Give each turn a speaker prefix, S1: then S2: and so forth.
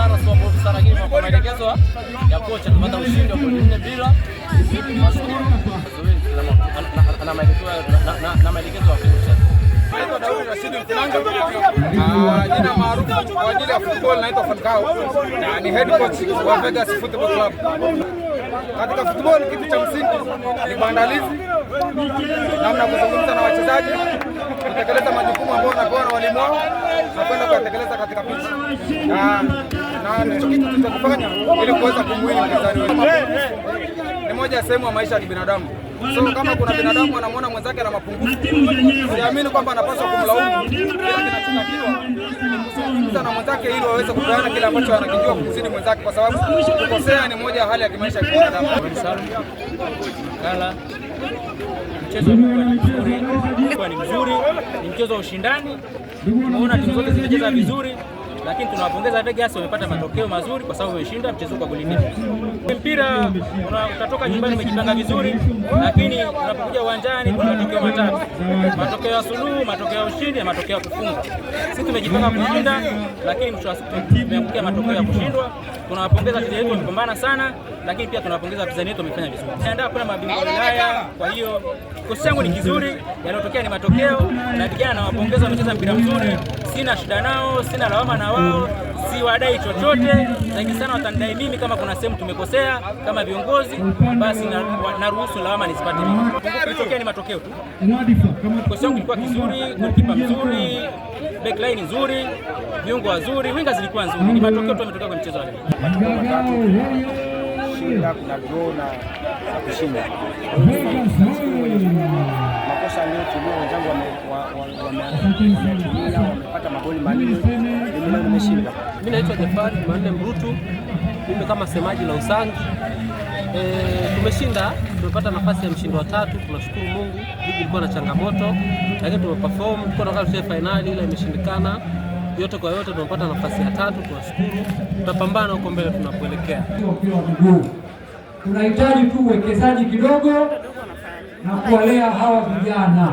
S1: sana, sio mbovu sana, lakini kwa maelekezo ya kocha tupata ushindi wa goli nne bila. na maelekezo ya kocha. Jina maarufu kwa ajili ya football naitwa Falcao, ni head coach wa Vegas Football Club. Katika football kitu cha msingi ni maandalizi, namna kuzungumza na wachezaji, kutekeleza majukumu ambayo na walimu wao tunakwenda kuyatekeleza katika pichi na ndicho kitu tutakufanya ili kuweza kumwili mpinzani wetu. Ni moja ya sehemu ya maisha ya kibinadamu. So kama kuna binadamu anamwona mwenzake ana mapungufu, siamini kwamba anapaswa kumlaumu. kinachotakiwa na mwenzake ili waweze kupeana kile ambacho anakijua kumzidi mwenzake, kwa sababu kukosea ni moja ya hali ya kimaisha ya Mchezo ni mzuri, ni mchezo wa ushindani Tumeona timu zote zimecheza vizuri, lakini tunawapongeza Vegas, wamepata matokeo mazuri kwa sababu wameshinda mchezo kwa goli moja. Mpira utatoka nyumbani umejipanga vizuri, lakini unapokuja uwanjani kuna matokeo matatu: matokeo ya suluhu, matokeo ya ushindi na matokeo ya kufunga. Sisi tumejipanga kushinda, lakini tumeangukia matokeo ya kushindwa tunawapongeza vijana wetu, wamepambana sana, lakini pia tunawapongeza vijana wetu, wamefanya vizuri. Tunaandaa kuna mabingwa wa Ulaya, kwa hiyo kikosi changu ni kizuri, yanayotokea ni matokeo, na vijana nawapongeza, wamecheza mpira mzuri, sina shida nao, sina lawama na wao siwadai chochote zaidi sana, watanidai mimi kama kuna sehemu tumekosea kama viongozi, basi naruhusu na lawama nisipate mimi. Kilichotokea ni matokeo tu. Kikosi changu kilikuwa kizuri, golikipa mzuri, backline nzuri, viungo wazuri, winga zilikuwa nzuri, ni matokeo tu yametokea kwenye mchezo wa leo kushinda kuna draw na kushinda. Makosa ndio tulio wenzangu wameanza Mimi naitwa Jafari Jumanne Mrutu, mimi kama semaji la Usangi. E, tumeshinda, tumepata nafasi ya mshindo wa tatu, tunashukuru Mungu. Ligi ilikuwa na changamoto, lakini tumeperform, tunakaa tucheze fainali, ila imeshindikana. Yote kwa yote tumepata nafasi ya tatu, tunashukuru. Tutapambana huko mbele tunapoelekea. Tunahitaji tu uwekezaji kidogo na kuwalea hawa vijana.